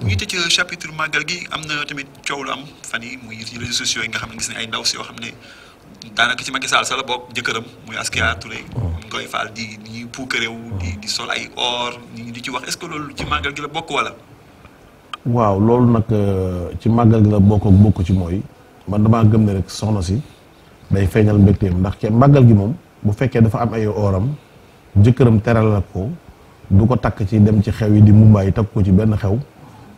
bu ñu tëj euh, chapitre màggal gi am na tamit coow lu am fan yi muy réseaux sociaux yi nga xam ne gis ne ay ndaw si yoo xam ne daanaka ci Macky Sall sa la bokk jëkkëram muy Askia oh. ay or ñi ci wax est ci màggal gi la bokk wala. waaw loolu nag euh, ci màggal gi la bokk ak bokk ci mooy man damaa gëm ne rek soxna si day feeñal mbégteem ndax ci màggal gi moom bu fekkee dafa am ay oram jëkkëram teral ko du ko takk ci dem ci xew yi di Mumbaay takk ko ci benn xew.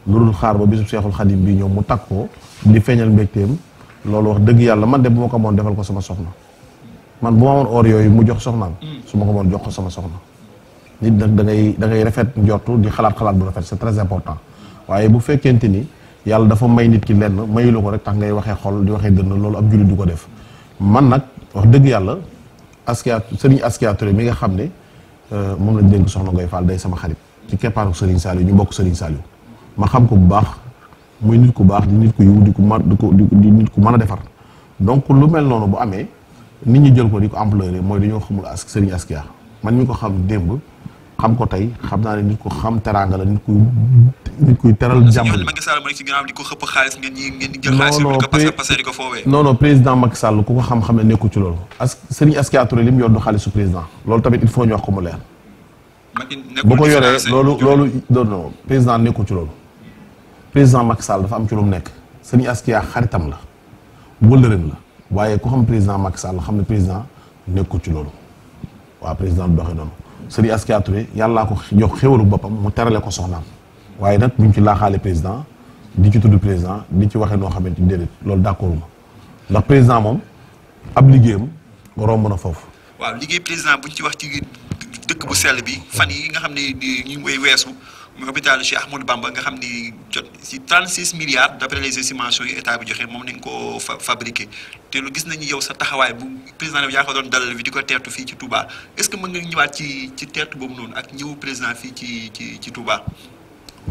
lu xaar ba bisub cheikhul khadim bi ñëw mu takk ko di feeñal mbégteem loolu wax dëgg yàlla man de bu ma ko moon defal ko sama soxna man bu ma or yooyu mu jox soxnaam su ma ko moon jox ko sama soxna nit nag da ngay da ngay rafet njortu di xalaat xalaat bu rafet c'est très important waaye bu fekkente ni yàlla dafa may nit ki lenn lu ko rek tax ngay waxee xol di waxee dënn loolu ab julli du ko def man nag wax dëgg yàlla askia sëriñ askia tore mi nga xam ne euh, moom lañ dénk soxna Ngoy Fall day sama xarit ci keppaaru sëriñ Saliou ñu bokk sëriñ Saliou ma xam ko bu baax muy nit ku baax di nit ku yiw di ku ma di ko di nit ku mën a defar donc lu mel noonu bu amee nit ñi jël ko di ko ampleur mooy dañoo xamul as Serigne Askia man mi ko xam démb xam ko tey xam naa ne nit ko xam teraanga la nit nit kuy teral jàmm. Macky Sall ma nekk ci ginnaaw président Macky Sall ku ko xam ne nekku ci loolu. as Serigne Askia Touré li mu yor du xaalisu président loolu tamit il foo ñu wax ko mu leer. ko yoree loolu loolu non président nekku ci loolu. président Macky Sall dafa am ci lu mu nekk sëriñ Askia xaritam la wëllëreem la waaye ku xam président Macky Sall xam ne président nekkul ci loolu waa président du doxee noonu sëriñ Askia Touré yàllaa ko jox xéwalu boppam mu terale ko soxnaam waaye nag buñ ci laaxaale président di ci tudd président di ci waxee noo xamante ni déedéet loolu d'accord ma ndax président moom ab liggéeyam romb na foofu. waaw liggéey président buñ ci wax ci dëkk bu sell bi fan yi nga xam ne ñu ngi weesu mu hôpital Cheikh Ahmadou Bamba nga xam ni jot si 36 milliards d' après les estimations yu état bi joxe moom nañ ko fa te lu gis nañu yow sa taxawaay bu président bi yaa ko doon dalal bi di ko teertu fii ci Touba est ce que mën nga ñëwaat ci ci teertu boobu noonu ak ñëw président fii ci ci ci Touba.